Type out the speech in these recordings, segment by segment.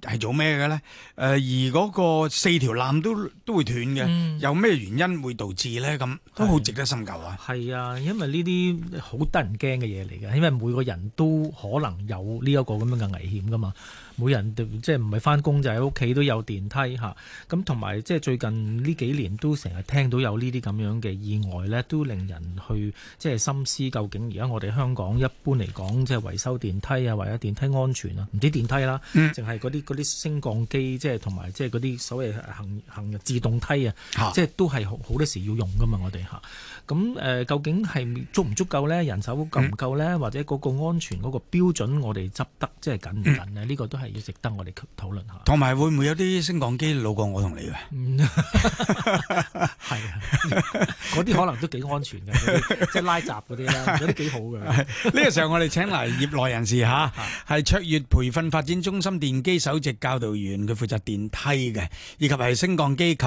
係做咩嘅咧？誒、呃、而嗰個四條纜都都會斷嘅，嗯、有咩原因會導致咧？咁都好值得深究啊！係啊，因為呢啲好得人驚嘅嘢嚟嘅，因為每個人都可能有呢一個咁樣嘅危險噶嘛。每人都即係唔係翻工，就喺屋企都有電梯吓。咁同埋即係最近呢幾年都成日聽到有呢啲咁樣嘅意外咧，都令人去即係深思究竟而家我哋香港一般嚟講，即係維修電梯啊，或者電梯安全啊，唔知電梯啦，淨係嗰啲。嗰啲升降機即係同埋即係嗰啲所謂行行自動梯啊，即係都係好多時要用㗎嘛，我哋吓。咁誒，究竟係足唔足夠咧？人手夠唔夠咧？或者嗰個安全嗰個標準，我哋執得即係緊唔緊咧？呢個都係要值得我哋討論下。同埋會唔會有啲升降機老過我同你㗎？係啊，嗰啲可能都幾安全嘅，即係拉閘嗰啲咧，都幾好嘅。呢個時候我哋請嚟業內人士嚇，係卓越培訓發展中心電機業首席教導員，佢負責電梯嘅，以及係升降機及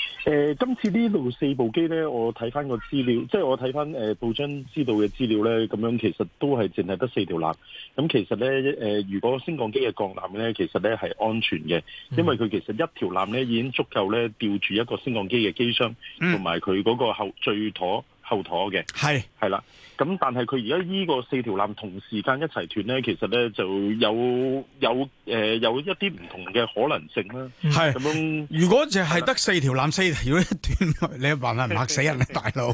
誒、呃，今次呢度四部機呢，我睇翻個資料，即係我睇翻誒報章知道嘅資料呢。咁樣其實都係淨係得四條纜。咁、嗯、其實呢，誒、呃、如果升降機嘅降纜呢，其實呢係安全嘅，因為佢其實一條纜呢已經足夠呢吊住一個升降機嘅機箱，同埋佢嗰個後最妥。後妥嘅，係係啦，咁但係佢而家依個四條纜同時間一齊斷咧，其實咧就有有誒有一啲唔同嘅可能性啦。係咁樣，如果淨係得四條纜四條一斷，你話唔嚇死人咧，大佬？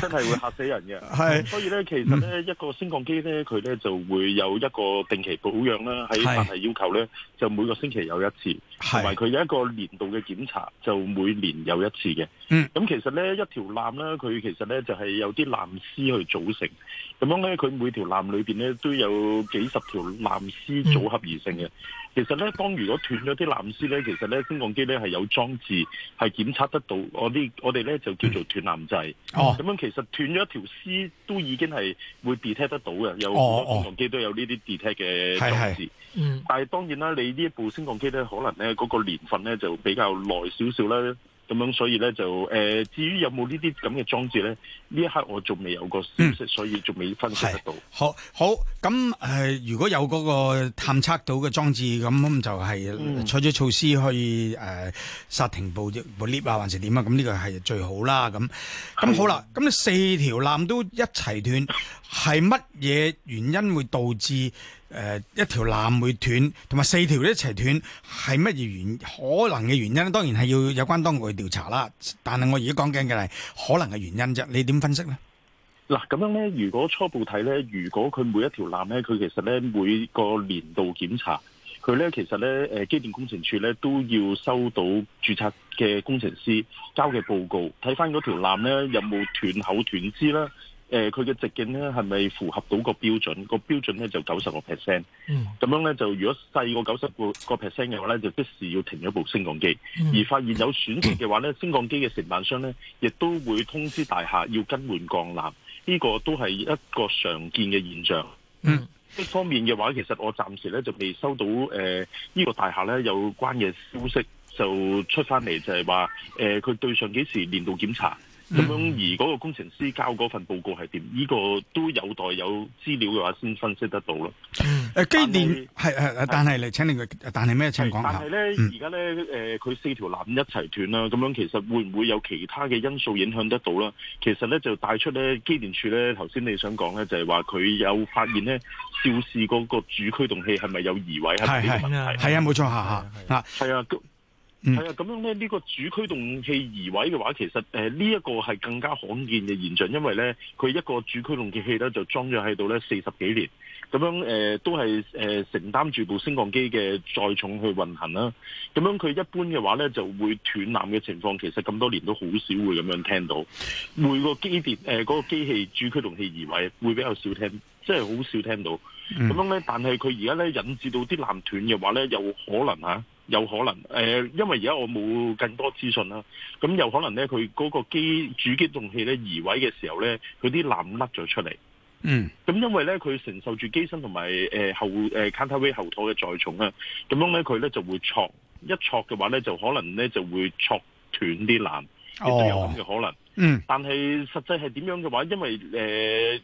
真係會嚇死人嘅。係，所以咧，其實咧一個升降機咧，佢咧就會有一個定期保養啦，喺法例要求咧，就每個星期有一次，同埋佢有一個年度嘅檢查，就每年有一次嘅。嗯，咁其實咧一條纜咧，佢其實咧。就係有啲纜絲去組成，咁樣咧，佢每條纜裏邊咧都有幾十條纜絲組合而成嘅。嗯、其實咧，當如果斷咗啲纜絲咧，其實咧升降機咧係有裝置係檢測得到。我啲我哋咧就叫做斷纜掣。哦、嗯，咁、嗯、樣其實斷咗一條絲都已經係會 detect 得到嘅，有好多升降機都有呢啲 detect 嘅裝置。哦哦是是嗯、但係當然啦，你呢一部升降機咧，可能咧嗰個年份咧就比較耐少少啦。咁樣，所以咧就誒、呃，至於有冇呢啲咁嘅裝置咧？呢一刻我仲未有個消息，嗯、所以仲未分析得到。好，好，咁誒、呃，如果有嗰個探測到嘅裝置，咁就係採取，取措施去誒剎停部部 lift 啊，還是點啊？咁呢個係最好啦。咁咁的好啦，咁你四條纜都一齊斷，係乜嘢原因會導致？誒、呃，一條纜會斷，同埋四條一齊斷，係乜嘢原可能嘅原因咧？當然係要有關當局去調查啦。但係我而家講緊嘅係可能嘅原因啫。你點分析呢？嗱，咁樣咧，如果初步睇咧，如果佢每一條纜咧，佢其實咧每個年度檢查，佢咧其實咧，誒機電工程署咧都要收到注冊嘅工程師交嘅報告，睇翻嗰條纜咧有冇斷口斷枝啦。誒佢嘅直徑咧係咪符合到個標準？個標準咧就九十個 percent。嗯，咁樣咧就如果細過九十個個 percent 嘅話咧，就即時要停咗部升降機。嗯、而發現有損壞嘅話咧，升降機嘅承辦商咧亦都會通知大廈要更換鋼纜。呢、這個都係一個常見嘅現象。嗯，一方面嘅話，其實我暫時咧就未收到誒呢、呃這個大廈咧有關嘅消息就出翻嚟，就係話誒佢對上幾時年度檢查？咁樣而嗰個工程師交嗰份報告係點？呢個都有待有資料嘅話先分析得到咯。誒，機電係係誒，但係你，請你嘅，但係咩情況？但係咧，而家咧，誒，佢四條纜一齊斷啦，咁樣其實會唔會有其他嘅因素影響得到啦？其實咧就帶出咧機電處咧，頭先你想講咧，就係話佢有發現咧肇事嗰個主驅動器係咪有移位係呢個問題？係啊，冇錯下下啊，係啊。係啊，咁、嗯、樣咧，呢、這個主驅動器移位嘅話，其實誒呢一個係更加罕見嘅現象，因為咧佢一個主驅動器器咧就裝咗喺度咧四十幾年，咁樣誒、呃、都係誒、呃、承擔住部升降機嘅載重去運行啦。咁樣佢一般嘅話咧就會斷纜嘅情況，其實咁多年都好少會咁樣聽到。嗯、每個機電誒嗰、呃那個機器主驅動器移位會比較少聽，即係好少聽到。咁、嗯、樣咧，但係佢而家咧引致到啲纜斷嘅話咧，有可能吓。啊有可能，誒、呃，因為而家我冇更多資訊啦，咁有可能咧，佢嗰個機主機動器咧移位嘅時候咧，佢啲纜甩咗出嚟，嗯，咁因為咧，佢承受住機身同埋誒後誒、呃、counterweight 後拖嘅載重啊，咁樣咧，佢咧就會挫，一挫嘅話咧，就可能咧就會挫斷啲纜，哦，都有咁嘅可能，嗯，但係實際係點樣嘅話，因為誒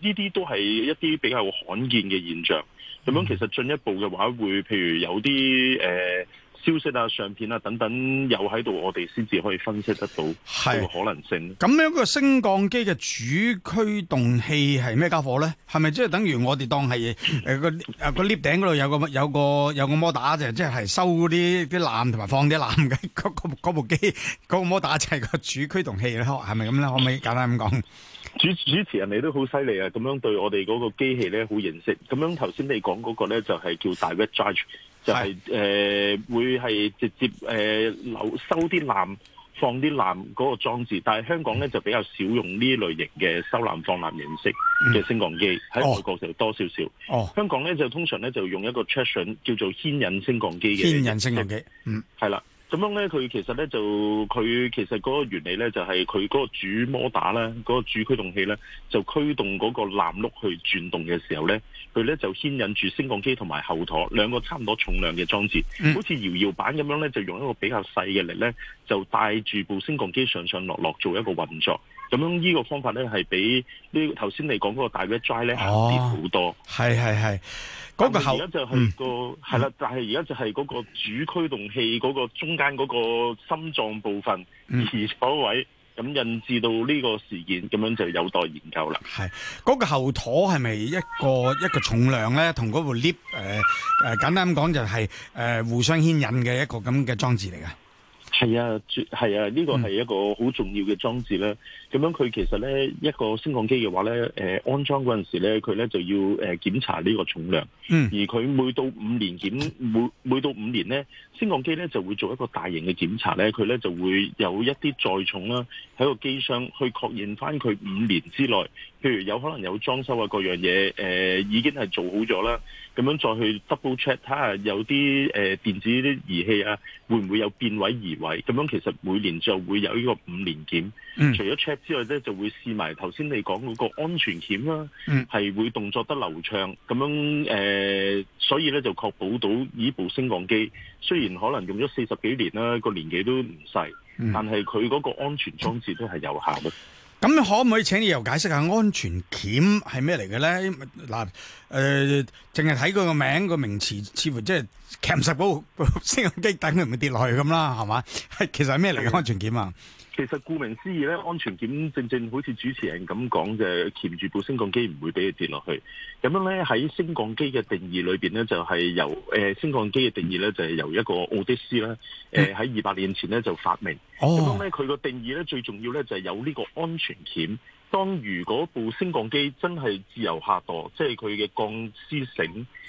呢啲都係一啲比較罕見嘅現象，咁、嗯、樣其實進一步嘅話，會譬如有啲誒。呃消息啊、相片啊等等，又喺度，我哋先至可以分析得到呢個可能性。咁樣，個升降機嘅主驅動器係咩家伙咧？係咪即係等於我哋當係誒個誒個 lift 頂嗰度有個有個有個摩打就即係收啲啲纜同埋放啲纜嘅嗰嗰部機嗰個摩打就係個主驅動器咧？係咪咁咧？可唔可以簡單咁講？主主持人你都好犀利啊！咁樣對我哋嗰個機器咧好認識。咁樣頭先你講嗰個咧就係、是、叫 direct 就係、係、誒、呃、會係直接誒留、呃、收啲纜放啲纜嗰個裝置，但係香港咧就比較少用呢類型嘅收纜放纜形式嘅升降機，喺外國就多少少。哦、香港咧就通常咧就用一個 traction 叫做牽引升降機嘅牽引升降機，嗯，係啦。咁樣咧，佢其實咧就佢其實嗰個原理咧，就係佢嗰個主摩打咧，嗰個主驅動器咧，就驅動嗰個纜轆去轉動嘅時候咧，佢咧就牽引住升降機同埋後座兩個差唔多重量嘅裝置，好似搖搖板咁樣咧，就用一個比較細嘅力咧，就帶住部升降機上上落落做一個運作。咁樣呢個方法咧，係比呢頭先你講嗰個大約 dry 咧省節好多。係係係。嗰、那個後，嗯，係啦，但係而家就係嗰個主驅動器嗰個中間嗰個心臟部分移咗、嗯、位，咁引致到呢個事件，咁樣就有待研究啦。係，嗰、那個後托係咪一個一個重量咧，同嗰部 lift？誒誒，簡單咁講就係、是、誒、呃、互相牽引嘅一個咁嘅裝置嚟噶。係啊，係啊，呢個係一個好重要嘅裝置啦。咁樣佢其實咧一個升降機嘅話咧，誒安裝陣時咧，佢咧就要誒檢查呢個重量。嗯。而佢每到五年檢每每到五年咧，升降機咧就會做一個大型嘅檢查咧，佢咧就會有一啲載重啦，喺個機箱去確認翻佢五年之內，譬如有可能有裝修啊各樣嘢，誒已經係做好咗啦。咁樣再去 double check 睇下有啲誒電子啲儀器啊，會唔會有變位移位？咁樣其實每年就會有呢個五年檢，嗯、除咗 check 之外呢，就會試埋頭先你講嗰個安全險啦、啊，係、嗯、會動作得流暢，咁樣誒、呃，所以呢就確保到呢部升降機雖然可能用咗四十幾年啦、啊，個年紀都唔細，嗯、但係佢嗰個安全裝置都係有效嘅。咁可唔可以請你又解釋下安全鉗係咩嚟嘅咧？嗱、呃，誒，淨係睇個個名個名詞，似乎即係㩒實部升降機等佢唔會跌落去咁啦，係嘛？其實係咩嚟嘅安全鉗啊？其實顧名思義咧，安全鉗正正好似主持人咁講，就鉗、是、住部升降機唔會俾佢跌落去。咁樣咧，喺升降機嘅定義裏面咧，就係、是、由誒、呃、升降機嘅定義咧，就係、是、由一個奧的斯咧誒喺二百年前咧就發明。咁樣咧佢個定義咧最重要咧就係、是、有呢個安全鉗。當如果部升降機真係自由下墮，即係佢嘅鋼絲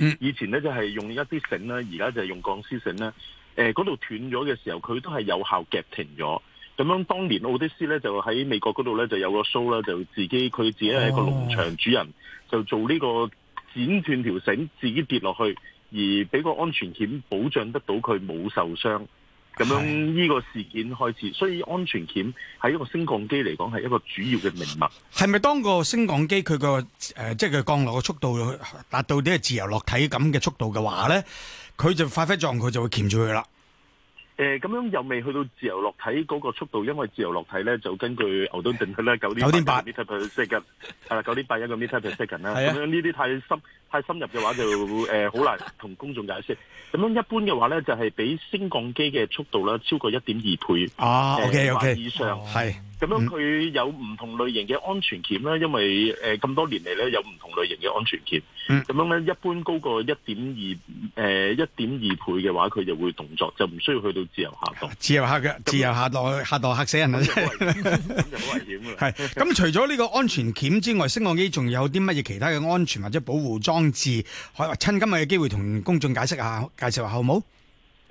繩，以前咧就係、是、用一啲繩啦，而家就係用鋼絲繩咧。嗰度斷咗嘅時候，佢都係有效夾停咗。咁樣當年奧迪斯咧就喺美國嗰度咧就有個 show 啦，就自己佢自己係一個農場主人，就做呢個剪斷條繩，自己跌落去，而俾個安全鉗保障得到佢冇受傷。咁樣呢個事件開始，所以安全鉗喺一個升降機嚟講係一個主要嘅命脈。係咪當個升降機佢個誒，即係佢降落嘅速度達到啲係自由落體咁嘅速度嘅話呢，佢就發揮作用，佢就會鉗住佢啦。誒，咁、呃、樣又未去到自由落體嗰個速度，因為自由落體咧就根據牛頓定律咧，九點九點八 metre per second，係啦，九點八一個 metre per second 啦，咁 樣呢啲太深太深入嘅話就誒好、呃、難同公眾解釋。咁樣一般嘅話咧就係、是、比升降機嘅速度咧超過一點二倍啊、呃、OK OK 或者以上係。Okay, 哦咁、嗯、樣佢有唔同類型嘅安全鉗啦，因為誒咁、呃、多年嚟咧有唔同類型嘅安全鉗，咁、嗯、樣咧一般高過一點二誒一點二倍嘅話，佢就會動作，就唔需要去到自由下落。自由下嘅，自由下落去，落嚇死人啊！咁就好危險啦。係，咁除咗呢個安全鉗之外，升降機仲有啲乜嘢其他嘅安全或者保護裝置？可以話趁今日嘅機會同公眾解釋下，介紹下好冇？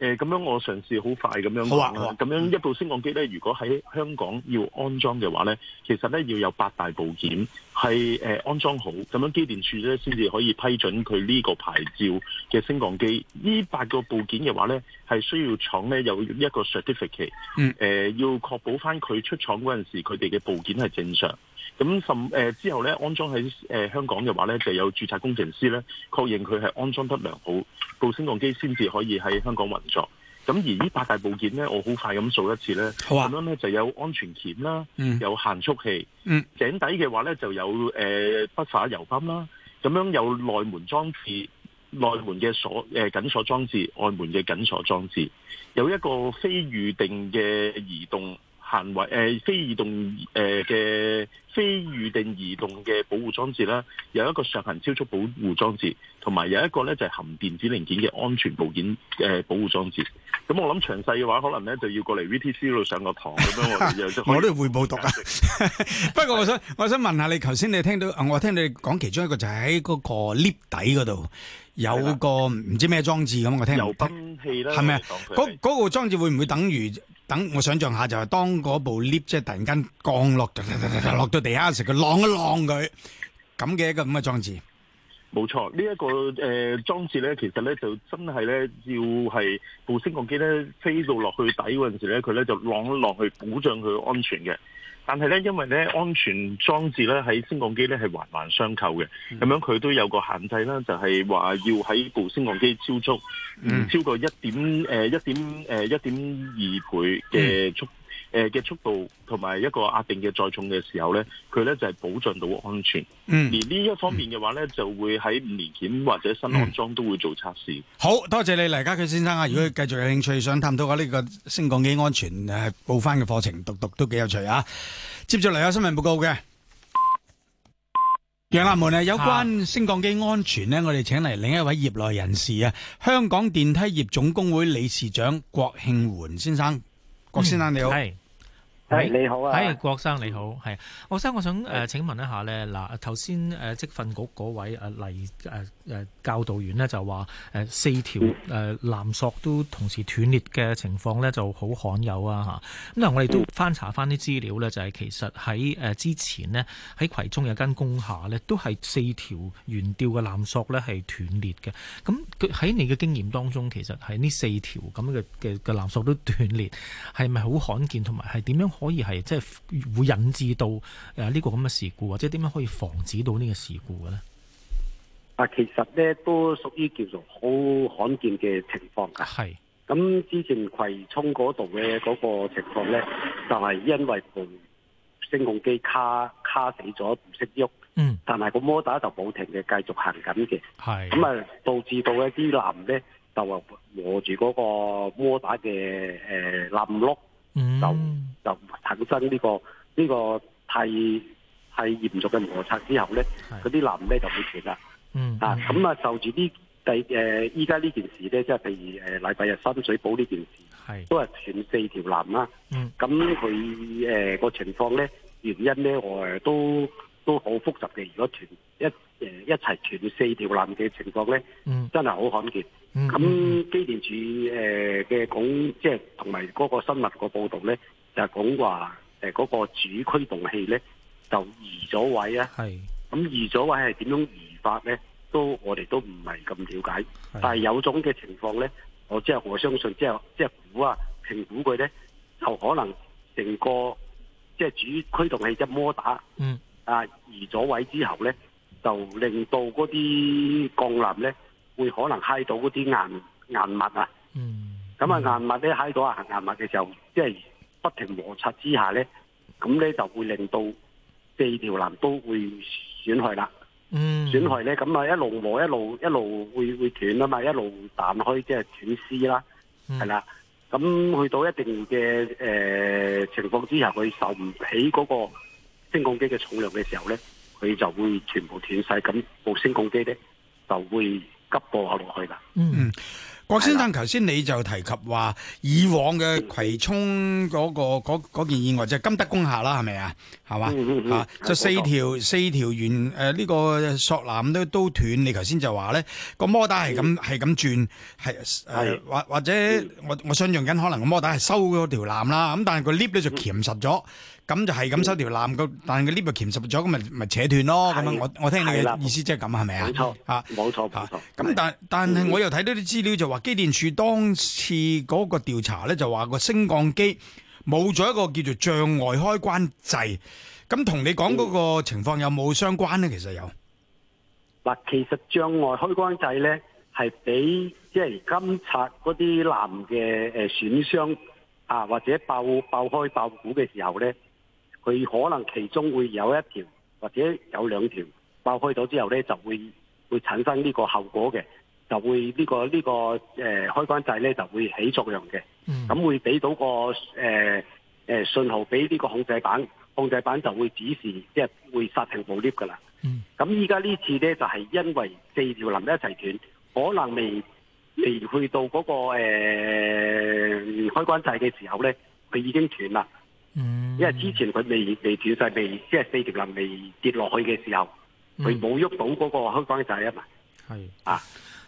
誒咁樣我嘗試，我嘗試好快咁樣講啦。咁樣一部升降機咧，如果喺香港要安裝嘅話咧，其實咧要有八大部件係、呃、安裝好，咁樣機電處咧先至可以批准佢呢個牌照嘅升降機。呢八個部件嘅話咧，係需要廠咧有一個 certificate，、呃、要確保翻佢出廠嗰陣時，佢哋嘅部件係正常。咁甚、呃、之後咧，安裝喺、呃、香港嘅話咧，就有註冊工程師咧確認佢係安裝得良好，部升降機先至可以喺香港運作。咁而呢八大部件咧，我好快咁數一次咧，咁、啊、樣咧就有安全鉗啦，嗯、有限速器，井、嗯、底嘅話咧就有誒、呃、不法油泵啦，咁樣有內門裝置、內門嘅鎖誒、呃、緊鎖裝置、外門嘅緊鎖裝置，有一個非預定嘅移動。行為誒、呃，非移動誒嘅、呃、非預定移動嘅保護裝置啦，有一個上行超速保護裝置，同埋有一個咧就係、是、含電子零件嘅安全部件、呃、保護裝置。咁我諗詳細嘅話，可能咧就要過嚟 VTC 度上個堂咁樣我。 我都會補讀啊。 不過我想，的我想問下你，頭先你聽到我聽到你講其中一個就喺嗰個 lift 底嗰度有個唔知咩裝置咁，我聽唔到。空氣啦，係咪嗰嗰個裝置會唔會等於？等我想象下，就係、是、當嗰部 lift 即係突然間降落，落到地下嘅時候，佢浪一浪佢，咁嘅一個咁嘅裝置，冇錯。這個呃、裝呢一個誒裝置咧，其實咧就真係咧要係部升降機咧飛到落去底嗰陣時咧，佢咧就浪一浪去保障佢安全嘅。但係咧，因為咧安全裝置咧喺升降機咧係環環相扣嘅，咁、嗯、樣佢都有個限制啦，就係話要喺部升降機超速唔、嗯、超過一點誒一、呃、點誒一、呃、點二倍嘅速度。嗯誒嘅速度同埋一個壓定嘅載重嘅時候呢，佢呢就係、是、保障到安全。嗯，而呢一方面嘅話呢，就會喺五年檢或者新安裝都會做測試、嗯。好多謝你黎家駒先生啊！如果繼續有興趣想探討下呢個升降機安全誒、啊，報翻嘅課程讀讀都幾有趣啊！接住嚟有新聞報告嘅楊立門啊，有關升降機安全呢，我哋請嚟另一位業內人士啊，香港電梯業總工會理事長郭慶桓先生，郭先生、嗯、你好。Hey, 你好啊，係、hey, 郭生你好，係、hey. 郭生，我想誒、呃、請問一下咧，嗱頭先誒，職訓局嗰位誒黎誒誒教導員咧就話誒、呃、四條誒纜、呃、索都同時斷裂嘅情況咧就好罕有啊吓。咁嗱我哋都翻查翻啲資料咧，就係、是、其實喺誒、呃、之前咧喺葵涌有間工廈咧都係四條懸吊嘅纜索咧係斷裂嘅，咁佢喺你嘅經驗當中，其實係呢四條咁嘅嘅嘅纜索都斷裂，係咪好罕見同埋係點樣？可以係即係會引致到誒呢、呃這個咁嘅事故，或者點樣可以防止到呢個事故嘅咧？啊，其實咧都屬於叫做好罕見嘅情況㗎。係是。咁之前葵涌嗰度嘅嗰個情況咧，就係、是、因為部升降機卡卡死咗，唔識喐。嗯。但係個摩打就冇停嘅，繼續行緊嘅。係是。咁啊，導致到一啲纜咧就話磨住嗰個摩打嘅誒纜轆。呃嗯、mm hmm.，就就產生呢、這個呢、這個太太嚴重嘅摩擦之後咧，嗰啲纜咧就會斷啦。嗯、mm，hmm. 啊，咁啊，就住呢第誒依家呢件事咧，即係譬如誒禮拜日深水埗呢件事，係的都係斷四條纜啦、啊。嗯、mm，咁佢誒個情況咧，原因咧，我誒都都好複雜嘅。如果斷一誒、呃、一齊斷四條纜嘅情況咧，嗯、mm，hmm. 真係好罕見。咁機電處誒嘅講，即係同埋嗰個新聞個報導咧，就講話嗰個主驅動器咧就移咗位啊。咁是移咗位係點樣移法咧？都我哋都唔係咁了解。是但係有種嘅情況咧，我即係我相信，即係即係估啊評估佢咧、就是，就可能成個即係、就是、主驅動器一、就是、摩打，嗯，啊移咗位之後咧，就令到嗰啲鋼纜咧。會可能揩到嗰啲硬硬物啊，咁啊、嗯、硬物咧揩到啊硬物嘅時候，即、就、係、是、不停摩擦之下咧，咁咧就會令到四條纜都會損害啦。損、嗯、害咧，咁啊一路磨一路一路，一路會會斷啊嘛，一路彈開即係斷絲啦，係啦、嗯。咁去到一定嘅誒、呃、情況之下，佢受唔起嗰個升降機嘅重量嘅時候咧，佢就會全部斷晒，咁部升降機咧就會。急步落落去噶。嗯，郭先生，頭先的你就提及話，以往嘅葵涌嗰、嗰個、嗯、件意外就係、金德工廈啦，係咪啊？係嘛，就四條、嗯、四條圓誒呢個索纜都都斷。你頭先就話咧，個摩打係咁係咁轉，係係或或者的我我想象緊可能個摩打係收嗰條纜啦，咁但係個 lift 咧就鉗實咗。咁就係咁收條纜嘅，但係佢呢個鉗實咗，咁咪咪扯斷咯。咁樣是我我聽你嘅意思即係咁係咪啊？冇錯錯，吓冇錯，吓錯。咁、啊、錯但、嗯、但係我又睇到啲資料就話機電署當次嗰個調查咧，就話個升降機冇咗一個叫做障礙開關掣。咁同你講嗰個情況有冇相關咧？其實有。嗱，其實障礙開關掣咧係俾即係監察嗰啲纜嘅誒損傷啊，或者爆爆開爆鼓嘅時候咧。佢可能其中會有一條或者有兩條爆開咗之後呢，就會會產生呢個後果嘅，就會呢、這個呢、這個誒、呃、開關掣呢，就會起作用嘅。咁會俾到個誒、呃呃、信號俾呢個控制板，控制板就會指示即係會煞停部 lift 噶啦。咁依家呢次呢，就係、是、因為四條纜一齊斷，可能未未、嗯、去到嗰、那個誒、呃、開關掣嘅時候呢，佢已經斷啦。嗯，因為之前佢未未斷晒，未即係四條纜未跌落去嘅時候，佢冇喐到嗰個開關掣啊嘛。係是啊，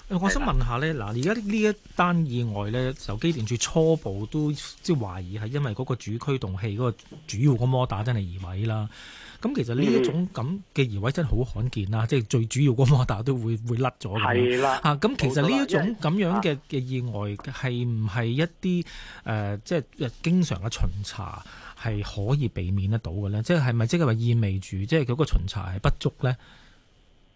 我想問一下咧，嗱而家呢一單意外咧，機電署初步都即係懷疑係因為嗰個主驅動器嗰個主要嘅摩打真係移位啦。咁的其實呢一種咁嘅移位真係好罕見啦，即係的最主要嗰摩打都會會甩咗係啦，吓咁的、啊、其實呢一錯種咁樣嘅嘅意外係唔係一啲誒、啊呃、即係經常嘅巡查？係可以避免得到嘅咧，即係係咪即係話意味住即係佢個巡查係不足咧？誒、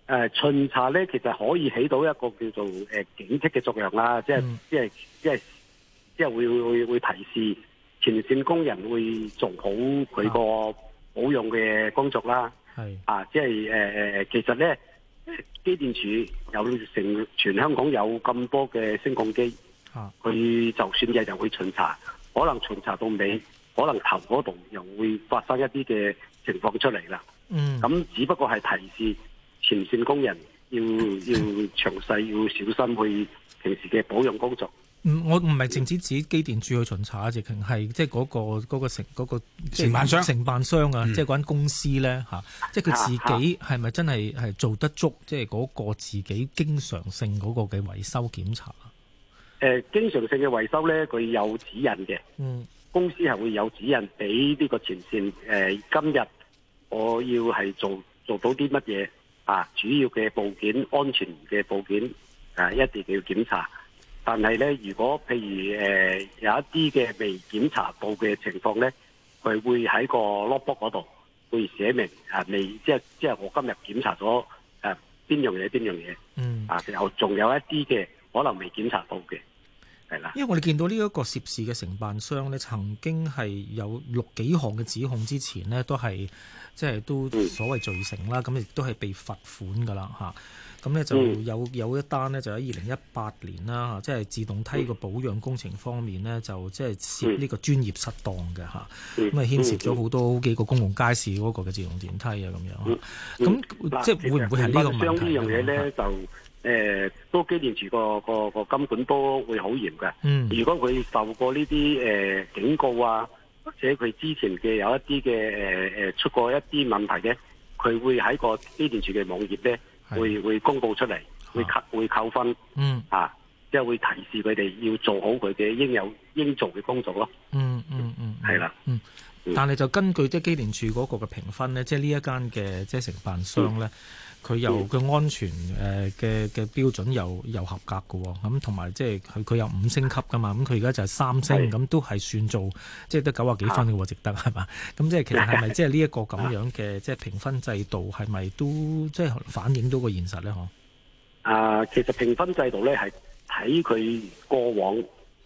呃，巡查咧其實可以起到一個叫做誒、呃、警惕嘅作用啦，嗯、即係即係即係即係會會會會提示前線工人會做好佢個保養嘅工作啦。係啊，啊，即係誒誒，其實咧機電署有成全，全香港有咁多嘅升降機，佢、啊、就算日日會巡查，可能巡查到尾。可能頭嗰度又會發生一啲嘅情況出嚟啦。嗯，咁只不過係提示前線工人要、嗯、要詳細要小心去平時嘅保養工作。嗯，我唔係淨止指機電處去巡查啊，直情係即係嗰、嗰個嗰個成嗰、嗰個、承辦商、承辦商啊，即係嗰間公司咧嚇，嗯、即係佢自己係咪真係係做得足，即係嗰個自己經常性嗰個嘅維修檢查？誒、呃，經常性嘅維修咧，佢有指引嘅。嗯。公司係會有指引俾呢個前線，誒、呃，今日我要係做做到啲乜嘢啊？主要嘅部件、安全嘅部件啊，一定要檢查。但係咧，如果譬如誒、呃、有一啲嘅未檢查到嘅情況咧，佢會喺個 logbook 嗰度會寫明啊，未即係即係我今日檢查咗誒邊樣嘢邊樣嘢，嗯啊，然後仲有一啲嘅可能未檢查到嘅。係啦，因為我哋見到呢一個涉事嘅承辦商咧，曾經係有六幾項嘅指控，之前呢都係即係都所謂罪成啦，咁、嗯、亦都係被罰款噶啦嚇。咁咧就有有一單呢，就喺二零一八年啦，即係自動梯個保養工程方面呢，就即係涉呢個專業失當嘅嚇，咁啊、嗯嗯嗯、牽涉咗好多幾個公共街市嗰個嘅自動電梯啊咁樣。咁、嗯嗯嗯嗯、即係會唔會係呢個問題？誒、呃、都機電處個個個監管都會好嚴嘅。嗯，如果佢受過呢啲誒警告啊，或者佢之前嘅有一啲嘅誒誒出過一啲問題嘅，佢會喺個機電處嘅網頁咧，會的會公布出嚟，會、啊、會扣分。嗯，啊即係會提示佢哋要做好佢嘅應有應做嘅工作咯。嗯嗯嗯，係啦。嗯，但係就根據即係機電處嗰個嘅評分咧，即係呢一間嘅即係承辦商咧。嗯佢又嘅安全誒嘅嘅標準又又合格嘅，哦，咁同埋即係佢佢有五星級㗎嘛，咁佢而家就係三星，咁的都係算做即係得九啊幾分嘅喎，值得係嘛？咁即係其實係咪即係呢一個咁樣嘅即係評分制度係咪都即係，就是，反映到個現實咧？嗬？啊，其實評分制度咧係睇佢過往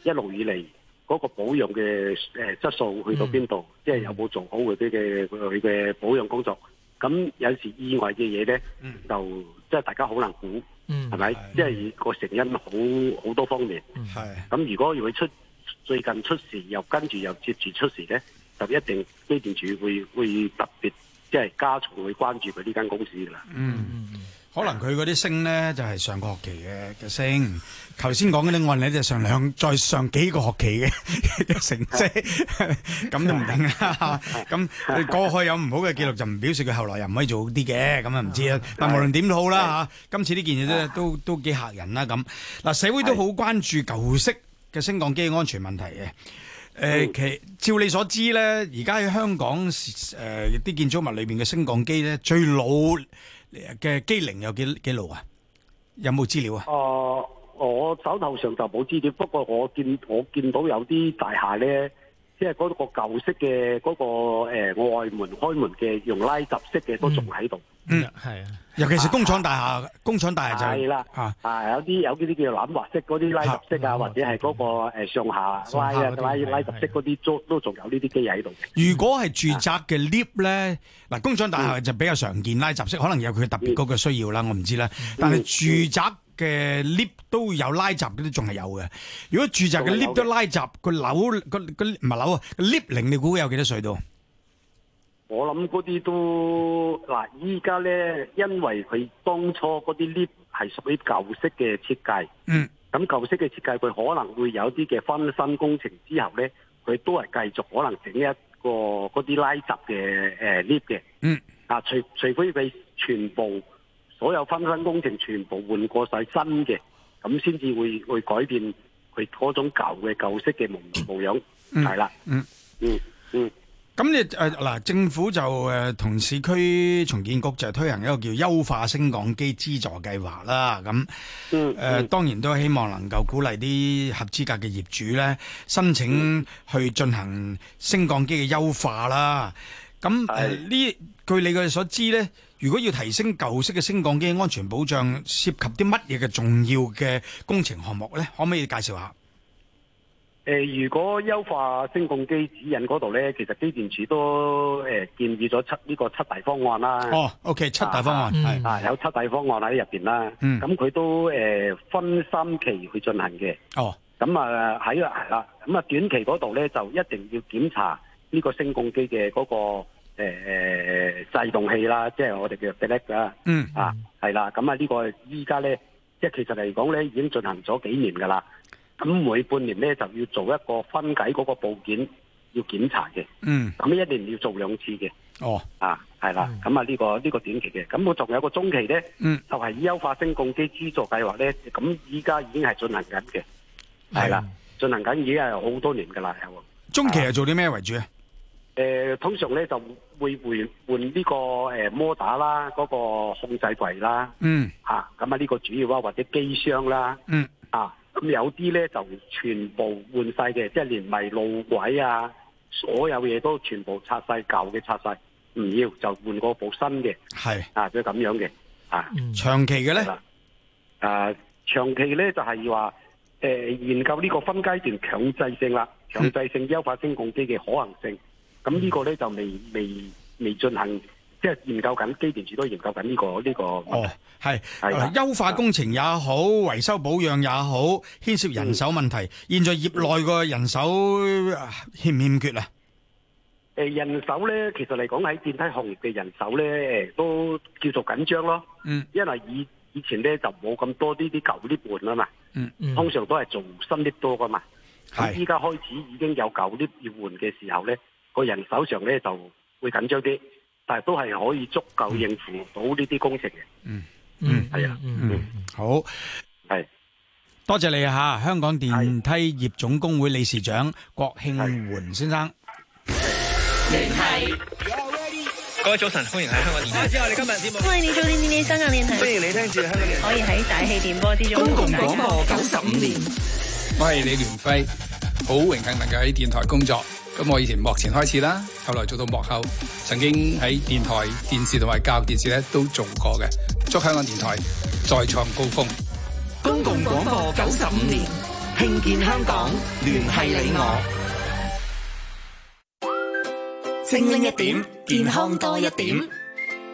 一路以嚟嗰個保養嘅誒質素去到邊度，嗯，即係有冇做好嗰啲嘅佢嘅保養工作。咁有時意外嘅嘢咧，嗯、就即係大家好難估，係咪？即係個成因好好多方面。咁、嗯、如果要佢出最近出事，又跟住又接住出事咧，就一定呢段時會會，會特別即係加重會關注佢呢間公司㗎啦。嗯可能佢嗰啲星咧就係上個學期嘅嘅星，頭先講嗰啲案例咧就上兩再上幾個學期嘅成績，咁都唔定啦。咁過去有唔好嘅記錄就唔表示佢後來又唔可以做好啲嘅，咁啊唔知啦。但無論點都好啦嚇，今次呢件嘢咧都都幾嚇人啦咁。嗱，社會都好關注舊式嘅升降機安全問題嘅。誒，其照你所知咧，而家喺香港誒啲建築物裏邊嘅升降機咧最老。嘅機齡有幾幾老啊？有冇資料啊？哦、呃，我手頭上就冇資料，不過我見我見到有啲大廈咧。即係嗰個舊式嘅嗰個誒外門開門嘅用拉閘式嘅都仲喺度。嗯，係啊，尤其是工廠大廈、工廠大廈就係啦，啊，有啲有啲叫欖滑式嗰啲拉閘式啊，或者係嗰個誒上下拉啊拉拉閘式嗰啲，都都仲有呢啲機喺度。如果係住宅嘅 lift 咧，嗱，工廠大廈就比較常見拉閘式，可能有佢特別嗰個需要啦，我唔知啦。但係住宅，嘅 lift 都有拉閘，嗰啲仲係有嘅。如果住宅嘅 lift 都拉閘，個樓個唔係樓啊，lift 齡你估有幾多歲到？我諗嗰啲都嗱，依家咧，因為佢當初嗰啲 lift 係屬於舊式嘅設計。嗯。咁舊式嘅設計，佢可能會有啲嘅翻新工程之後咧，佢都係繼續可能整一個嗰啲拉閘嘅誒 lift 嘅。呃、嗯。啊，除除非佢全部。所有翻新工程全部換過晒新嘅，咁先至會會改變佢嗰種舊嘅舊式嘅模樣模樣，係啦，嗯嗯嗯。咁你誒嗱、呃，政府就誒、呃、同市區重建局就推行一個叫優化升降機資助計劃啦。咁誒，呃嗯嗯、當然都希望能夠鼓勵啲合資格嘅業主咧，申請去進行升降機嘅優化啦。咁呢的、呃，據你嘅所知咧？如果要提升舊式嘅升降機安全保障，涉及啲乜嘢嘅重要嘅工程項目咧？可唔可以介紹下、呃？如果優化升降機指引嗰度咧，其實機電署都、呃、建議咗七呢、呢個七大方案啦。哦，OK，七大方案係啊，是有七大方案喺入面啦。咁佢、嗯、都、呃、分三期去進行嘅。哦，咁啊喺啦，咁、呃、啊短期嗰度咧就一定要檢查呢個升降機嘅嗰、嗰個。誒誒制動器啦，即係我哋叫 brake 啦，啊係啦，咁啊呢個依家咧，即係其實嚟講咧，已經進行咗幾年噶啦。咁每半年咧就要做一個分解嗰個部件要檢查嘅，嗯，咁一年要做兩次嘅。哦，嗯，啊係啦，咁啊呢個呢個短期嘅，咁我仲有一個中期咧，就係優化升降機資助計劃咧，咁依家已經係進行緊嘅，係啦，進行緊已經係好多年噶啦，係中期係做啲咩為主啊？誒、呃，通常咧就會換換呢個誒摩打啦、嗰、那個控制櫃啦，嗯，吓、啊，咁啊呢個主要啊或者機箱啦，嗯，啊，咁有啲咧就全部換晒嘅，即係連埋路軌啊，所有嘢都全部拆晒舊嘅，舊拆晒，唔要就換個部新嘅，係是、啊，啊，即係咁樣嘅，啊，長期嘅咧，誒、就是，長期咧就係話誒研究呢個分階段強制性啦，強制性優化升降機嘅可行性。嗯咁呢個咧就未未未進行，即係研究緊，機電署都研究緊呢個呢個。哦，係係。優化工程也好，維修保養也好，牽涉人手問題。現在業內個人手欠唔欠缺啊？誒，人手咧，其實嚟講喺電梯行業嘅人手咧，都叫做緊張咯。嗯。因為以以前咧就冇咁多呢啲舊 lift 換啊嘛。嗯嗯。通常都係做新啲多噶嘛。咁。依家開始已經有舊 lift 要換嘅時候咧。個人手上咧就會緊張啲，但係都係可以足夠應付到呢啲工程嘅。嗯嗯，係啊。嗯嗯，好，係多謝你吓，香港電梯業總工會理事長郭慶桓先生。電梯，各位早晨，歡迎喺香港電。大家好，你今日啲。歡迎你早啲點起身啊！歡迎你聽住香港電。可以喺大氣電波之中。公共廣播九十五年。我係李聯輝，好榮幸能夠喺電台工作。咁我以前幕前開始啦，後來做到幕後，曾經喺電台、電視同埋教育電視咧都做過嘅。祝香港電台再創高峰！公共廣播九十五年，興建香港，聯繫你我，精靈一點，健康多一點。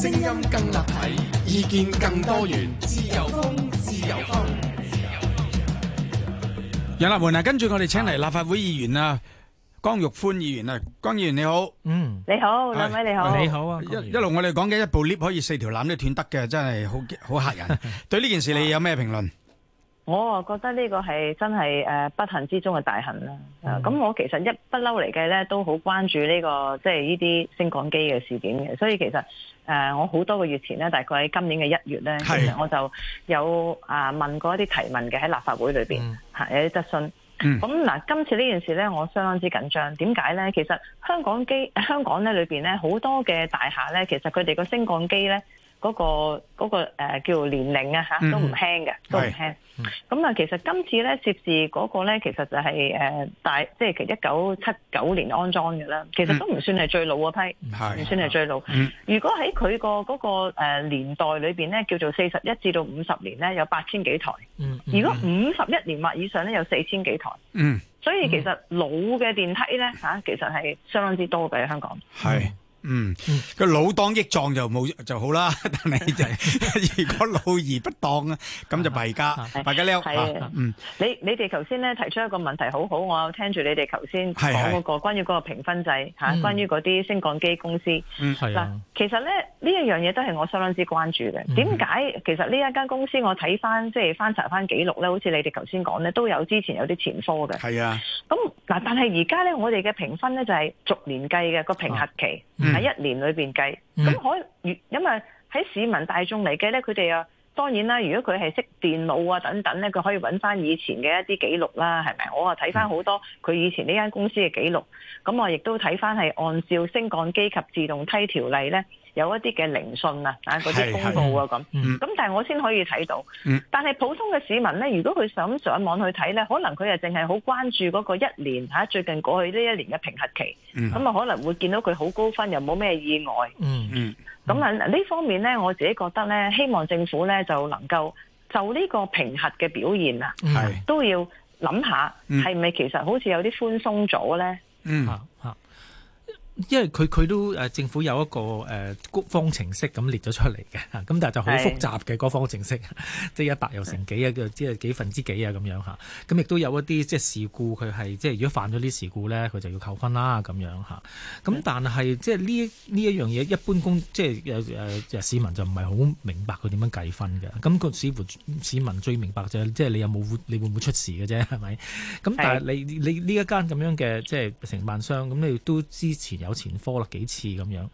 聲音更立體，意見更多元，自由風，自由風。楊立門啊，跟住我哋請嚟立法會議員啊，江玉歡議員啊，江議員你好，嗯，你好，兩位你好，你好啊，一一路我哋講嘅一部 lift 可以四條纜都斷得嘅，真係好好嚇人。對呢件事你有咩評論？我啊，覺得呢個係真係誒不幸之中嘅大幸啦。咁、嗯、我其實一不嬲嚟嘅咧，都好關注呢個即係呢啲升降機嘅事件嘅。所以其實誒、呃，我好多個月前咧，大概喺今年嘅一月咧，的其實我就有啊問過一啲提問嘅喺立法會裏邊，吓、嗯、有啲質詢。咁嗱、嗯，今次呢件事咧，我相當之緊張。點解咧？其實香港機香港咧裏邊咧，好多嘅大廈咧，其實佢哋個升降機咧、嗰、嗰個嗰、嗰個誒、嗰個、叫年齡啊，嚇都唔輕嘅，嗯、都唔輕嘅。咁啊，嗯嗯、其實今次咧涉事嗰個咧，其實就係、是、誒、呃、大，即係其一九七九年安裝嘅啦。其實都唔算係最老嗰批，唔、嗯、算係最老。嗯、如果喺佢個嗰個誒年代裏邊咧，叫做四十一至到五十年咧，有八千幾台。如果五十一年或以上咧，有四千幾台。嗯，以嗯所以其實老嘅電梯咧吓、啊，其實係相當之多嘅喺香港。係、嗯。嗯，個老當益壯就冇就好啦。但係就如果老而不當啊，咁就弊家大家呢吓。嗯，你你哋頭先咧提出一個問題，好好，我聽住你哋頭先講嗰個關於嗰個評分制吓，關於嗰啲升降機公司。嗱，其實咧呢一樣嘢都係我相當之關注嘅。點解？其實呢一間公司我睇翻即係翻查翻記錄咧，好似你哋頭先講咧，都有之前有啲前科嘅。係啊。咁嗱，但係而家咧，我哋嘅評分咧就係逐年計嘅個評核期。喺一年裏邊計，咁可以因為喺市民大眾嚟計咧，佢哋啊當然啦，如果佢係識電腦啊等等咧，佢可以搵翻以前嘅一啲記錄啦，係咪？我啊睇翻好多佢以前呢間公司嘅記錄，咁我亦都睇翻係按照升降機及自動梯條例咧。有一啲嘅聆訊啊，啊嗰啲公告啊咁，咁但係我先可以睇到。嗯、但係普通嘅市民呢，如果佢想上網去睇呢，可能佢又淨係好關注嗰個一年、啊、最近過去呢一年嘅評核期，咁啊、嗯、可能會見到佢好高分又冇咩意外。嗯嗯。咁喺呢方面呢，我自己覺得呢，希望政府呢，就能夠就呢個評核嘅表現啊，嗯、都要諗下係咪、嗯、其實好似有啲寬鬆咗呢嗯。嗯。因為佢佢都誒、啊、政府有一個誒、呃、方程式咁列咗出嚟嘅，咁但係就好複雜嘅嗰方程式，即係一百又成幾，呀，即係幾分之幾啊咁樣嚇。咁亦、嗯、都有一啲即係事故，佢係即係如果犯咗啲事故咧，佢就要扣分啦咁樣嚇。咁、嗯、但係即係呢呢一樣嘢，一般公即係誒市民就唔係好明白佢點樣計分嘅。咁、嗯、佢似乎市民最明白就即係你有冇你會唔會出事嘅啫，係咪？咁但係你你呢一間咁樣嘅即係承辦商，咁你都之前。有前科咯，幾次咁樣，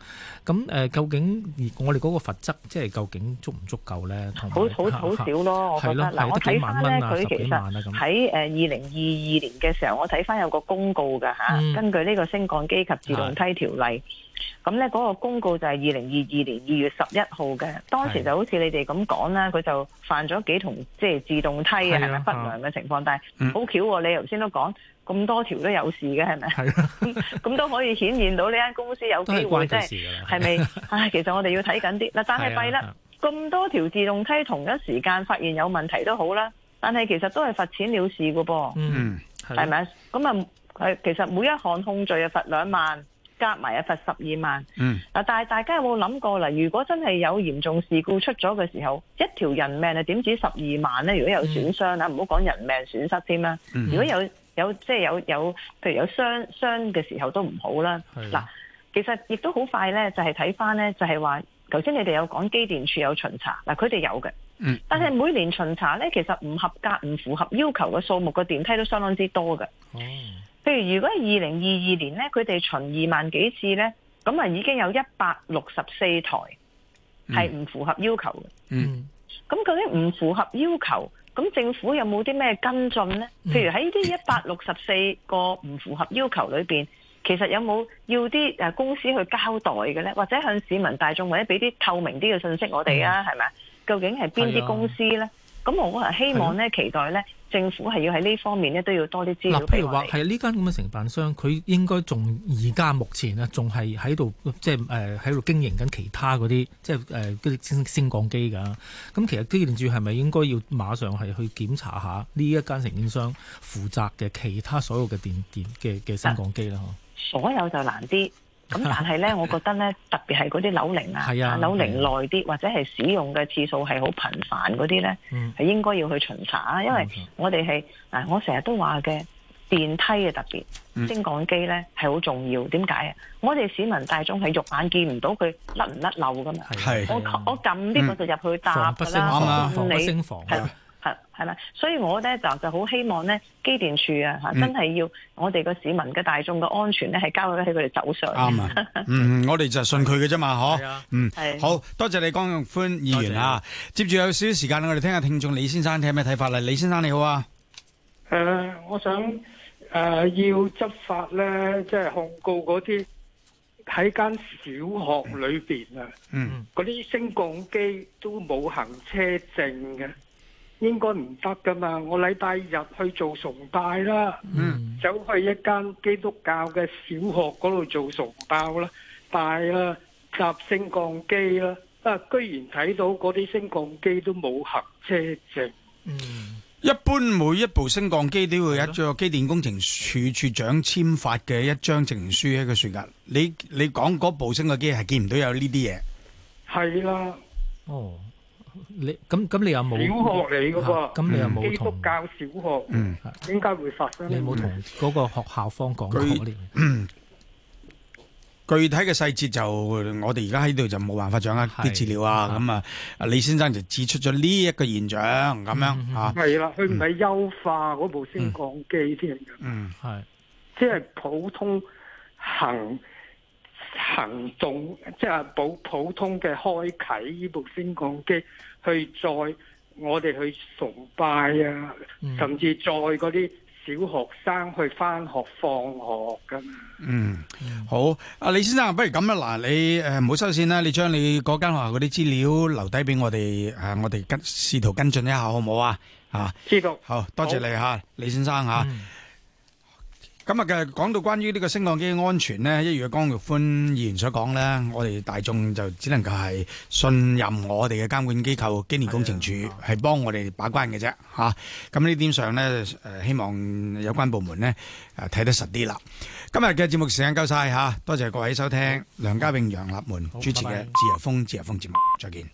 咁誒，究竟我哋嗰個罰則，即係究竟足唔足夠咧？好好好少咯，我覺得。係咯，係。睇翻咧，佢其實喺誒二零二二年嘅時候，我睇翻有個公告㗎吓，根據呢個升降機及自動梯條例。咁咧嗰個公告就係二零二二年二月十一號嘅，當時就好似你哋咁講啦，佢就犯咗幾同即係自動梯嘅係咪不，不良嘅情況，啊、但係好、嗯、巧喎、啊，你頭先都講咁多條都有事嘅係咪？係咁、啊、都可以顯現到呢間公司有機會即係係咪？唉、就是啊，其實我哋要睇緊啲嗱，但係弊啦，咁、啊啊、多條自動梯同一時間發現有問題都好啦，但係其實都係罰錢了事噶噃。嗯，係咪、啊？咁啊，其實每一項控罪啊罰兩萬。加埋一罰十二萬。嗱、嗯，但係大家有冇諗過咧？如果真係有嚴重事故出咗嘅時候，一條人命係點止十二萬咧？如果有損傷啊，唔好講人命損失添啦。嗯、如果有有即係有有，譬如有傷傷嘅時候都唔好啦。嗱的，其實亦都好快咧，就係睇翻咧，就係話頭先你哋有講機電處有巡查，嗱佢哋有嘅。嗯。但係每年巡查咧，其實唔合格、唔符合要求嘅數目嘅電梯都相當之多嘅。哦、嗯。譬如如果係二零二二年咧，佢哋巡二萬幾次咧，咁啊已經有一百六十四台係唔符合要求嘅。嗯。嗯，咁究竟唔符合要求，咁政府有冇啲咩跟進咧？譬如喺呢啲一百六十四個唔符合要求裏邊，嗯、其實有冇要啲誒公司去交代嘅咧？或者向市民大眾或者俾啲透明啲嘅信息我哋啊，係咪、嗯、究竟係邊啲公司咧？咁、啊、我啊希望咧，啊、期待咧。政府係要喺呢方面咧，都要多啲資料。嗱，譬如話係呢間咁嘅承辦商，佢應該仲而家目前咧，仲係喺度，即係誒喺度經營緊其他嗰啲，即係誒啲升降機㗎。咁、嗯、其實機電署係咪應該要馬上係去檢查下呢一間承辦商負責嘅其他所有嘅電電嘅嘅升降機啦？所有就難啲。咁 但係咧，我覺得咧，特別係嗰啲樓齡啊，樓齡耐啲或者係使用嘅次數係好頻繁嗰啲咧，係、嗯、應該要去巡查。因為我哋係嗱，我成日都話嘅電梯嘅特別升降機咧係好重要。點解啊？我哋市民大眾喺肉眼見唔到佢甩唔甩漏㗎嘛、啊。我按我撳啲我就入去搭㗎啦、嗯。防不勝防你係係啦，所以我咧就就好希望咧，機電署啊，吓真係要我哋個市民嘅大眾嘅安全咧、嗯，係交咗喺佢哋手上。啱啊，嗯，我哋就信佢嘅啫嘛，嗬。係好多謝你，江玉歡議員啊。接住有少少時間，我哋聽下聽眾李先生聽咩睇法啦。李先生你好啊。誒、呃，我想誒、呃、要執法咧，即、就、係、是、控告嗰啲喺間小學裏邊啊，嗰啲、嗯嗯、升降機都冇行車證嘅。應該唔得噶嘛！我禮拜日去做崇拜啦，嗯、走去一間基督教嘅小學嗰度做崇拜啦，拜啦，搭升降機啦，啊，居然睇到嗰啲升降機都冇行車證。嗯，一般每一部升降機都會有一張機電工程署署長簽發嘅一張證書喺個雪架。你你講嗰部升降機係見唔到有呢啲嘢？係啦。哦。你咁咁，你又冇小學嚟嘅，咁你又冇基督教小學，嗯，點解會發生？你冇同嗰個學校方講過，具體嘅細節就我哋而家喺度就冇辦法掌握啲資料啊！咁啊，黎先生就指出咗呢一個現象咁樣嚇。係啦，佢唔係優化嗰部升降機添嘅。嗯，係，即係普通行。行動即係普普通嘅開啟呢部升降機，去載我哋去崇拜啊，嗯、甚至載嗰啲小學生去翻學放學噶。嗯，嗯好，李先生，不如咁啊，嗱，你誒唔好收線啦，你將你嗰間學校嗰啲資料留低俾我哋，誒，我哋跟試圖跟進一下好唔好啊？啊，知道，好多謝你吓，好李先生吓。嗯今日嘅講到關於呢個升降機安全咧，一如江玉歡議員所講咧，我哋大眾就只能夠係信任我哋嘅監管機構機電工程署係幫我哋把關嘅啫，吓。咁呢點上咧，希望有關部門咧睇得實啲啦。今日嘅節目時間夠晒吓，多謝各位收聽梁家永、楊立門主持嘅《自由風》《自由風》節目，再見。